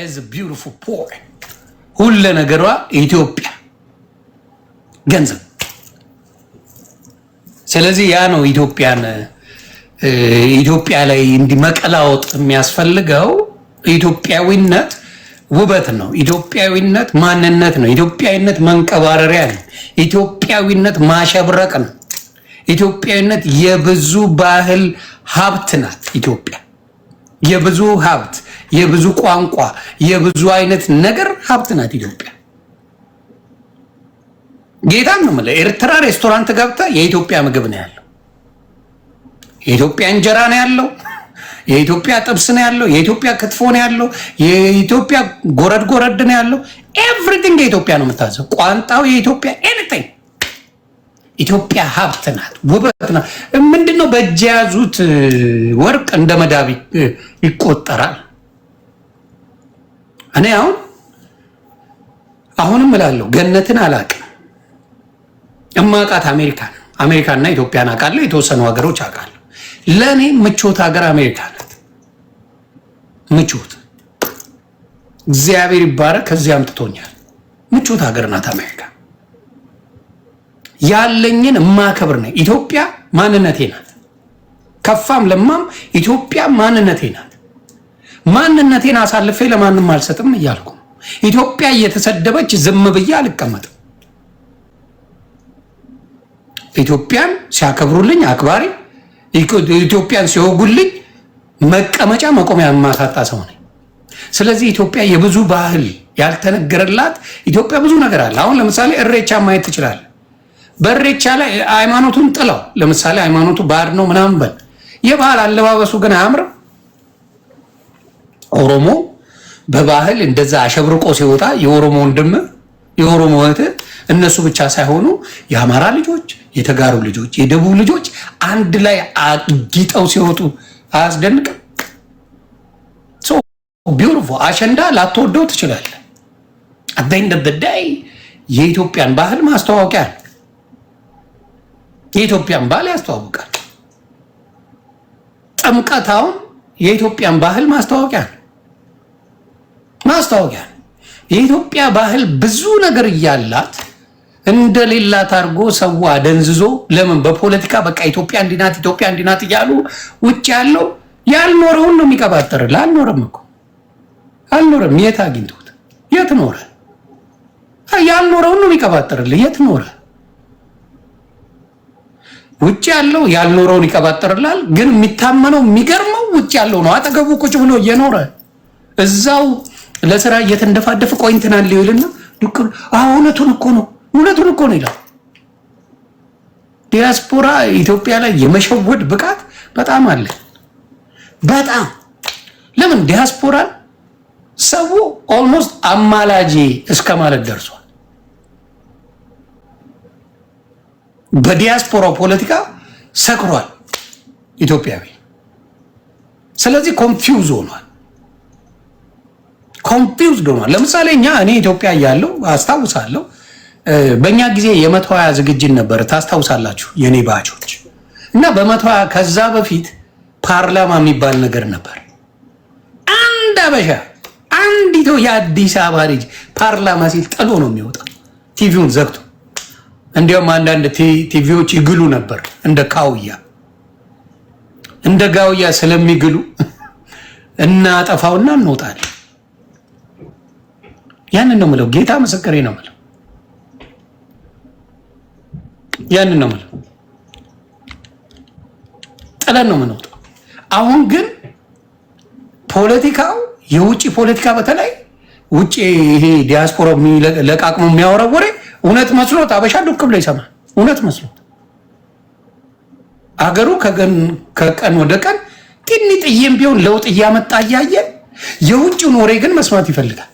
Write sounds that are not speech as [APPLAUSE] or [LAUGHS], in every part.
ኤዝ ቢዩቲፉል ፖር ሁለ ነገሯ ኢትዮጵያ ገንዘብ። ስለዚህ ያ ነው ኢትዮጵያን ኢትዮጵያ ላይ እንዲመቀላወጥ የሚያስፈልገው ኢትዮጵያዊነት ውበት ነው። ኢትዮጵያዊነት ማንነት ነው። ኢትዮጵያዊነት መንቀባረሪያ ነው። ኢትዮጵያዊነት ማሸብረቅ ነው። ኢትዮጵያዊነት የብዙ ባህል ሀብት ናት ኢትዮጵያ። የብዙ ሀብት፣ የብዙ ቋንቋ፣ የብዙ አይነት ነገር ሀብት ናት ኢትዮጵያ። ጌታም ነው የምልህ። ኤርትራ ሬስቶራንት ገብታ የኢትዮጵያ ምግብ ነው ያለው፣ የኢትዮጵያ እንጀራ ነው ያለው፣ የኢትዮጵያ ጥብስ ነው ያለው፣ የኢትዮጵያ ክትፎ ነው ያለው፣ የኢትዮጵያ ጎረድ ጎረድ ነው ያለው። ኤቭሪቲንግ የኢትዮጵያ ነው የምታዘው፣ ቋንጣው የኢትዮጵያ ኤኒቲንግ ኢትዮጵያ ሀብት ናት፣ ውበት ናት። ምንድነው በእጅ የያዙት ወርቅ እንደ መዳብ ይቆጠራል። እኔ አሁን አሁንም እላለሁ ገነትን አላቅም። እማቃት ነው። አሜሪካና ኢትዮጵያን አውቃለሁ፣ የተወሰኑ ሀገሮች አውቃለሁ። ለእኔ ምቾት ሀገር አሜሪካ ናት። ምቾት እግዚአብሔር ይባረክ፣ ከዚያ አምጥቶኛል። ምቾት ሀገር ናት አሜሪካ። ያለኝን ማከብር ነው። ኢትዮጵያ ማንነቴ ናት። ከፋም ለማም ኢትዮጵያ ማንነቴ ናት። ማንነቴን አሳልፌ ለማንም አልሰጥም እያልኩ ኢትዮጵያ እየተሰደበች ዝም ብዬ አልቀመጥም። ኢትዮጵያን ሲያከብሩልኝ አክባሪ፣ ኢትዮጵያን ሲወጉልኝ መቀመጫ መቆሚያ የማሳጣ ሰው ነኝ። ስለዚህ ኢትዮጵያ የብዙ ባህል ያልተነገረላት ኢትዮጵያ ብዙ ነገር አለ። አሁን ለምሳሌ እሬቻ ማየት ትችላል። በሬቻ ላይ ሃይማኖቱን ጥለው ለምሳሌ ሃይማኖቱ ባህር ነው ምናምን በል የባህል አለባበሱ ግን አያምርም። ኦሮሞ በባህል እንደዛ አሸብርቆ ሲወጣ የኦሮሞ ወንድም የኦሮሞ እህትህ እነሱ ብቻ ሳይሆኑ የአማራ ልጆች፣ የተጋሩ ልጆች፣ የደቡብ ልጆች አንድ ላይ አጊጠው ሲወጡ አያስደንቅም? ቢውርፎ አሸንዳ ላትወደው ትችላለህ። አዳይ እንደበዳይ የኢትዮጵያን ባህል ማስተዋወቂያ ነው። የኢትዮጵያን ባህል ያስተዋውቃል። ጥምቀት የኢትዮጵያን ባህል ማስተዋወቂያ ማስተዋወቂያ የኢትዮጵያ ባህል ብዙ ነገር እያላት እንደሌላት አድርጎ ሰው አደንዝዞ ለምን በፖለቲካ በቃ ኢትዮጵያ እንዲናት ኢትዮጵያ እንዲናት እያሉ ውጭ ያለው ያልኖረውን ነው የሚቀባጠር። አልኖረም እኮ አልኖረም። የት አግኝቶት የት ኖረ? ያልኖረውን ነው የሚቀባጠርልህ። የት ኖረ? ውጭ ያለው ያልኖረውን ይቀባጠርላል። ግን የሚታመነው የሚገርመው ውጭ ያለው ነው። አጠገቡ ቁጭ ብሎ እየኖረ እዛው ለስራ እየተንደፋደፍ ቆይ እንትናን ሊውልና እውነቱን እኮ ነው እውነቱን እኮ ነው ይላል። ዲያስፖራ ኢትዮጵያ ላይ የመሸወድ ብቃት በጣም አለ። በጣም ለምን ዲያስፖራን ሰው ኦልሞስት አማላጂ እስከ ማለት ደርሷል። በዲያስፖራው ፖለቲካ ሰክሯል ኢትዮጵያዊ። ስለዚህ ኮንፊውዝ ሆኗል። ኮንፊውዝድ ሆኗል። ለምሳሌ እኛ እኔ ኢትዮጵያ እያለሁ አስታውሳለሁ፣ በእኛ ጊዜ የመቶ ሀያ ዝግጅት ነበር። ታስታውሳላችሁ የኔ ባቾች እና በመቶ ሀያ ከዛ በፊት ፓርላማ የሚባል ነገር ነበር። አንድ አበሻ አንዲቶ የአዲስ አበባ ልጅ ፓርላማ ሲል ጥሎ ነው የሚወጣ ቲቪውን ዘግቶ እንዲያውም አንዳንድ ቲቪዎች ይግሉ ነበር እንደ ካውያ እንደ ጋውያ ስለሚግሉ [LAUGHS] እናጠፋውና እንወጣለን። ያንን ነው ምለው፣ ጌታ ምስክሬ ነው ምለው፣ ያንን ነው ምለው። ጥለን ነው የምንወጣው አሁን ግን ፖለቲካው የውጭ ፖለቲካ በተለይ ውጭ ይሄ ዲያስፖራ ለቃቅሞ የሚያወራ ወሬ እውነት መስሎት አበሻ ዱክ ብሎ ይሰማል። እውነት መስሎት አገሩ ከቀን ወደ ቀን ጢኒ ጥዬም ቢሆን ለውጥ እያመጣ እያየን የውጭውን ወሬ ግን መስማት ይፈልጋል።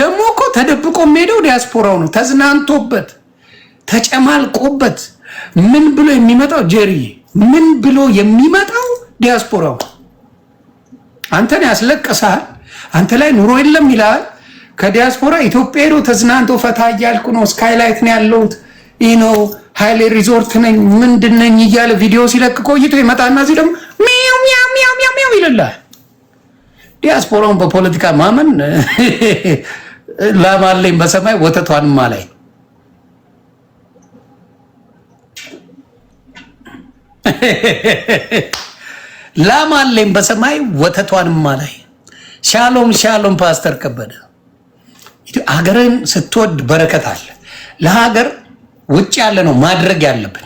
ደግሞ እኮ ተደብቆ የሚሄደው ዲያስፖራው ነው። ተዝናንቶበት ተጨማልቆበት ምን ብሎ የሚመጣው ጀሪ ምን ብሎ የሚመጣው ዲያስፖራው አንተን ያስለቅሳል። አንተ ላይ ኑሮ የለም ይላል። ከዲያስፖራ ኢትዮጵያ ሄዶ ተዝናንቶ ፈታ እያልኩ ነው፣ ስካይላይት ነው ያለሁት፣ ኢኖ ነው ሀይሌ ሪዞርት ነኝ ምንድን ነኝ እያለ ቪዲዮ ሲለቅ ቆይቶ ይመጣና እዚህ ደግሞ ሚው ሚያው ሚያው ሚያው ይልላል። ዲያስፖራውን በፖለቲካ ማመን [LAUGHS] ላማለኝ በሰማይ ወተቷንም አላይ። ላማለኝ [LAUGHS] በሰማይ ወተቷንም አላይ። ሻሎም ሻሎም ፓስተር ከበደ ሀገርን ስትወድ በረከት አለ። ለሀገር ውጭ ያለ ነው ማድረግ ያለብን።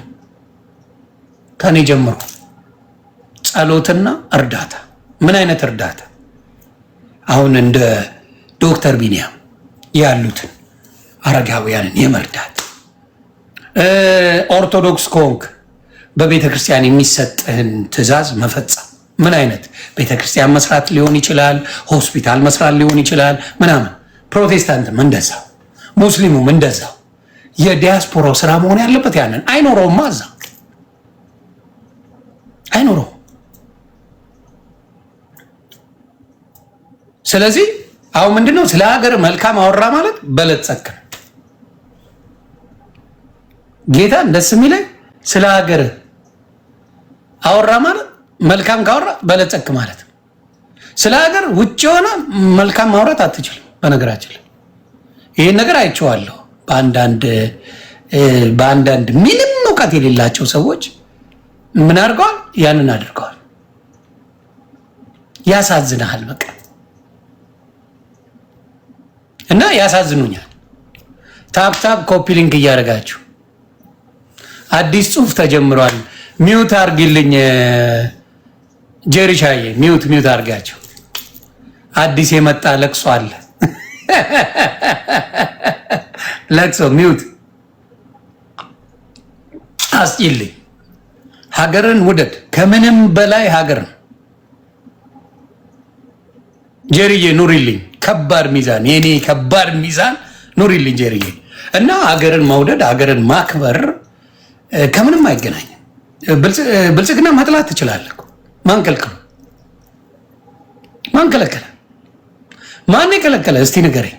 ከኔ ጀምሮ ጸሎትና እርዳታ። ምን አይነት እርዳታ? አሁን እንደ ዶክተር ቢኒያም ያሉትን አረጋውያንን የመርዳት ኦርቶዶክስ ከሆንክ በቤተ ክርስቲያን የሚሰጥህን ትዕዛዝ መፈጸም። ምን አይነት ቤተ ክርስቲያን መስራት ሊሆን ይችላል፣ ሆስፒታል መስራት ሊሆን ይችላል ምናምን ፕሮቴስታንትም እንደዛው፣ ሙስሊሙም እንደዛው። የዲያስፖራው ስራ መሆን ያለበት ያንን አይኖረውማ፣ እዛ አይኖረው። ስለዚህ አሁን ምንድነው ስለ ሀገር መልካም አወራ ማለት በለጸክ ነው። ደስ የሚለኝ ስለ ሀገር አወራ ማለት መልካም ካወራ በለጸክ ማለት ስለ ሀገር ውጭ የሆነ መልካም ማውራት አትችልም። በነገራችን ላይ ይህን ነገር አይቼዋለሁ። በአንዳንድ በአንዳንድ ምንም እውቀት የሌላቸው ሰዎች ምን አድርገዋል? ያንን አድርገዋል። ያሳዝናሃል። በቃ እና ያሳዝኑኛል። ታፕታፕ ኮፒ ሊንክ እያደረጋችሁ አዲስ ጽሁፍ ተጀምሯል። ሚውት አርግልኝ ጀሪሻዬ፣ ሚውት ሚውት አርጋቸው። አዲስ የመጣ ለቅሶ አለ። ለቅሶ ሚውት አስጭልኝ። ሀገርን ውደድ ከምንም በላይ ሀገርን። ጀርዬ ኑሪልኝ፣ ከባድ ሚዛን የኔ ከባድ ሚዛን ኑሪልኝ ጀሪዬ። እና ሀገርን መውደድ ሀገርን ማክበር ከምንም አይገናኝም። ብልጽግና መጥላት ትችላለህ፣ ማንከልከል ማንከለከለ ማን የከለከለ? እስቲ ንገረኝ።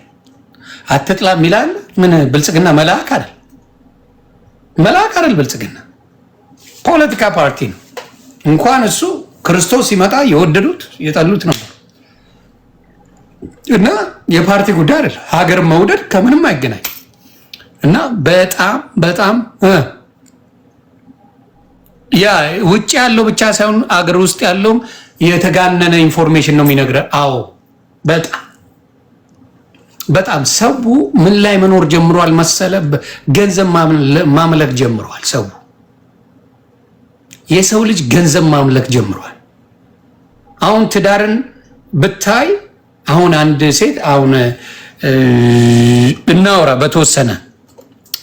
አትጥላ የሚላል ምን ብልጽግና መልአክ አይደል? መልአክ አይደል? ብልጽግና ፖለቲካ ፓርቲ ነው። እንኳን እሱ ክርስቶስ ሲመጣ የወደዱት የጠሉት ነው እና የፓርቲ ጉዳይ አይደል። ሀገር መውደድ ከምንም አይገናኝ እና በጣም በጣም ያ ውጭ ያለው ብቻ ሳይሆን አገር ውስጥ ያለውም የተጋነነ ኢንፎርሜሽን ነው የሚነግረ። አዎ በጣም በጣም ሰው ምን ላይ መኖር ጀምሯል መሰለ? ገንዘብ ማምለክ ጀምሯል። ሰው የሰው ልጅ ገንዘብ ማምለክ ጀምሯል። አሁን ትዳርን ብታይ አሁን አንድ ሴት አሁን እናውራ በተወሰነ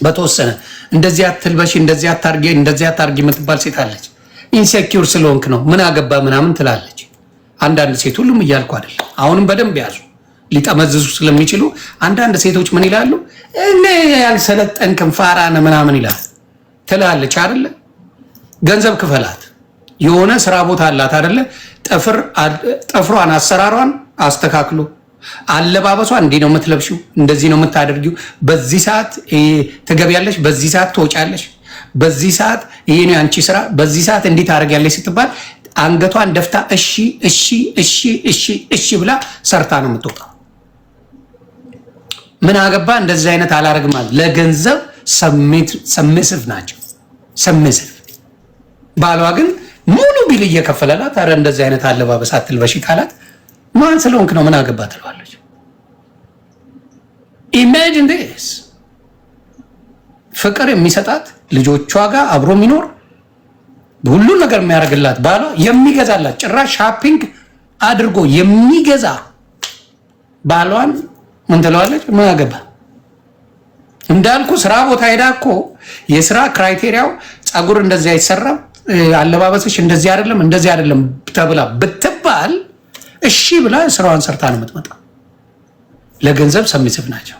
በተወሰነ እንደዚህ አትልበሽ፣ እንደዚህ አታርጊ፣ እንደዚህ አታርጊ የምትባል ሴት አለች። ኢንሴኪውር ስለሆንክ ነው ምን አገባ ምናምን ትላለች። አንዳንድ ሴት ሁሉም እያልኩ አይደለም። አሁንም በደንብ ያዙ። ሊጠመዝዙ ስለሚችሉ አንዳንድ ሴቶች ምን ይላሉ? እኔ ያልሰለጠን ክንፋራ ምናምን ይላል ትላለች አይደለ? ገንዘብ ክፈላት። የሆነ ስራ ቦታ አላት አይደለ? ጥፍሯን፣ አሰራሯን አስተካክሉ። አለባበሷ እንዲህ ነው የምትለብሺው፣ እንደዚህ ነው የምታደርጊው፣ በዚህ ሰዓት ትገቢያለሽ፣ በዚህ ሰዓት ትወጫለሽ፣ በዚህ ሰዓት ይሄ ነው ያንቺ ስራ፣ በዚህ ሰዓት እንዲህ ታደርጊያለሽ ስትባል አንገቷን ደፍታ እሺ እሺ እሺ እሺ እሺ ብላ ሰርታ ነው የምትወጣው። ምን አገባ እንደዚህ አይነት አላረግም አለ። ለገንዘብ ሰሜስፍ ናቸው ሰሜስፍ። ባሏ ግን ሙሉ ቢል እየከፈለላት አረ እንደዚህ አይነት አለባበስ አትልበሺ ካላት ማን ስለሆንክ ነው ምን አገባ ትለዋለች። ኢማጂን ዲስ ፍቅር የሚሰጣት ልጆቿ ጋር አብሮ የሚኖር ሁሉን ነገር የሚያደርግላት ባሏ የሚገዛላት ጭራሽ ሻፒንግ አድርጎ የሚገዛ ባሏን ምን ትለዋለች? ምን አገባ እንዳልኩ ስራ ቦታ ሄዳ እኮ የስራ ክራይቴሪያው ፀጉር እንደዚህ አይሰራም፣ አለባበስሽ እንደዚህ አይደለም፣ እንደዚህ አይደለም ተብላ ብትባል እሺ ብላ ስራዋን ሰርታ ነው የምትመጣ። ለገንዘብ ሰሚስብ ናቸው።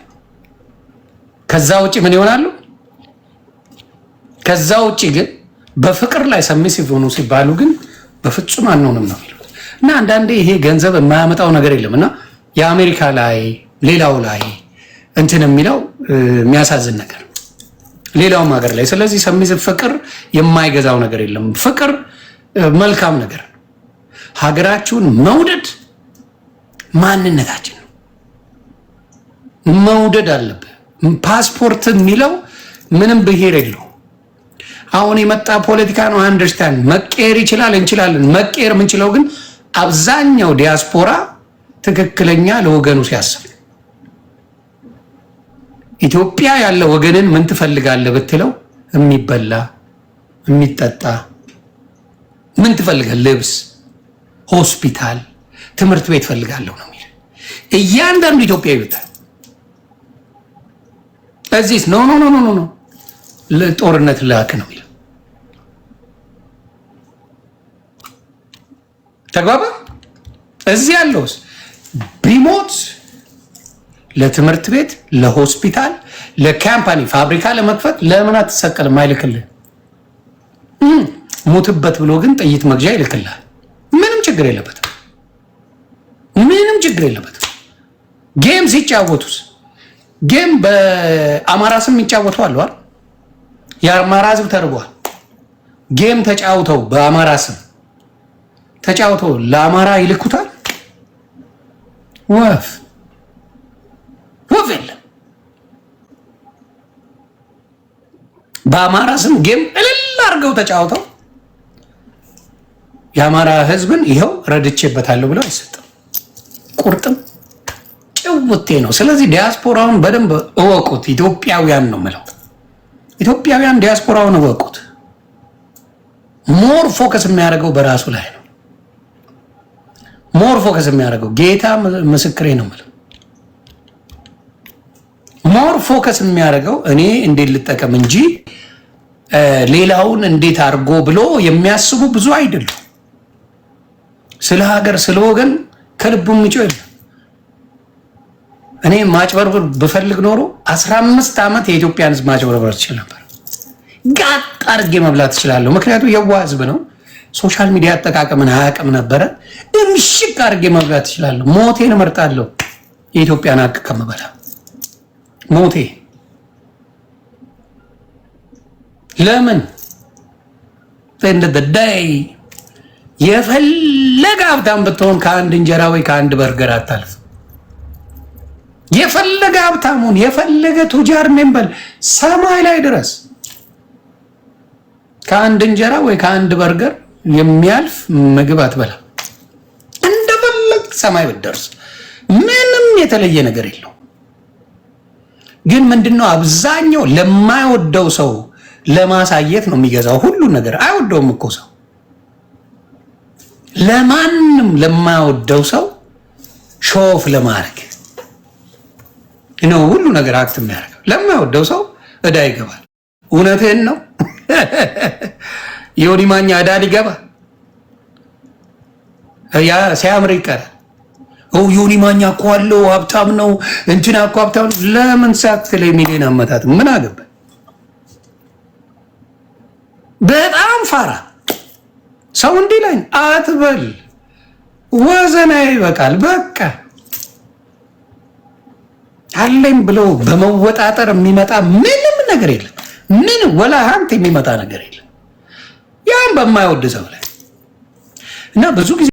ከዛ ውጭ ምን ይሆናሉ? ከዛ ውጭ ግን በፍቅር ላይ ሰሚስብ ሆኑ ሲባሉ ግን በፍጹም አንሆንም ነው የሚሉት። እና አንዳንዴ ይሄ ገንዘብ የማያመጣው ነገር የለም እና የአሜሪካ ላይ ሌላው ላይ እንትን የሚለው የሚያሳዝን ነገር ሌላውም ሀገር ላይ ስለዚህ ሰሚዝ ፍቅር የማይገዛው ነገር የለም። ፍቅር መልካም ነገር ሀገራችሁን መውደድ ማንነታችን ነው። መውደድ አለብህ። ፓስፖርት የሚለው ምንም ብሄር የለው። አሁን የመጣ ፖለቲካ ነው። አንደርስታንድ መቀየር ይችላል፣ እንችላለን። መቀየር የምንችለው ግን አብዛኛው ዲያስፖራ ትክክለኛ ለወገኑ ሲያስብ ኢትዮጵያ ያለ ወገንን ምን ትፈልጋለህ ብትለው የሚበላ የሚጠጣ ምን ትፈልጋል? ልብስ፣ ሆስፒታል፣ ትምህርት ቤት ፈልጋለሁ ነው የሚል እያንዳንዱ ኢትዮጵያ ይሉታል። እዚህስ ኖ ኖ ኖ ኖ ጦርነት ላክ ነው የሚለው ተግባባ። እዚህ ያለውስ ቢሞት ለትምህርት ቤት፣ ለሆስፒታል፣ ለካምፓኒ ፋብሪካ ለመክፈት ለምን አትሰቀልም? አይልክልህ ሙትበት ብሎ ግን ጥይት መግዣ ይልክልሃል። ምንም ችግር የለበትም። ምንም ችግር የለበትም። ጌም ሲጫወቱስ ጌም በአማራ ስም የሚጫወቱ አለዋል። የአማራ ህዝብ ተርቧል። ጌም ተጫውተው በአማራ ስም ተጫውተው ለአማራ ይልኩታል ወፍ ወፍ የለም። በአማራ ስም ጌም እልል አድርገው ተጫውተው የአማራ ህዝብን ይኸው ረድቼበታለሁ ብለው አይሰጥም። ቁርጥም ጭውቴ ነው። ስለዚህ ዲያስፖራውን በደንብ እወቁት። ኢትዮጵያውያን ነው ምለው፣ ኢትዮጵያውያን ዲያስፖራውን እወቁት። ሞር ፎከስ የሚያደርገው በራሱ ላይ ነው። ሞር ፎከስ የሚያደርገው ጌታ ምስክሬ ነው ምለው ሞር ፎከስ የሚያደርገው እኔ እንዴት ልጠቀም እንጂ ሌላውን እንዴት አድርጎ ብሎ የሚያስቡ ብዙ አይደሉም። ስለ ሀገር ስለ ወገን ከልቡ ምጮ የለ። እኔ ማጭበርበር ብፈልግ ኖሮ አስራ አምስት ዓመት የኢትዮጵያን ህዝብ ማጭበርበር ትችል ነበር። ጋጥ አድርጌ መብላት እችላለሁ። ምክንያቱም የዋ ህዝብ ነው። ሶሻል ሚዲያ አጠቃቀምን አያውቅም ነበረ። እምሽቅ አድርጌ መብላት እችላለሁ። ሞቴን እመርጣለሁ የኢትዮጵያን ሀቅ ከመበላ። ሞቴ ለምን እንደደዳይ የፈለገ ሀብታም ብትሆን ከአንድ እንጀራ ወይ ከአንድ በርገር አታልፍ። የፈለገ ሀብታሙን የፈለገ ቱጃር ሜምበል ሰማይ ላይ ድረስ ከአንድ እንጀራ ወይ ከአንድ በርገር የሚያልፍ ምግብ አትበላ። እንደፈለግ ሰማይ ብትደርስ ምንም የተለየ ነገር የለው። ግን ምንድነው አብዛኛው ለማይወደው ሰው ለማሳየት ነው የሚገዛው ሁሉን ነገር። አይወደውም እኮ ሰው ለማንም ለማይወደው ሰው ሾፍ ለማድረግ ነው ሁሉ ነገር አክት የሚያደርገው። ለማይወደው ሰው እዳ ይገባል። እውነትህን ነው። ዮኒ [LAUGHS] ማኛ እዳ ሊገባ ሲያምር ይቀራል። ዮኒ ማኛ እኮ አለው ሀብታም ነው እንትና እኮ ሀብታም ነው። ለምን ሚሊዮን አመታት ምን አገባኝ። በጣም ፋራ ሰው እንዲህ ላይ አትበል። ወዘና ይበቃል። በቃ አለኝ ብሎ በመወጣጠር የሚመጣ ምንም ነገር የለም። ምን ወላ ሀንት የሚመጣ ነገር የለም። ያም በማይወድ ሰው ላይ እና ብዙ ጊዜ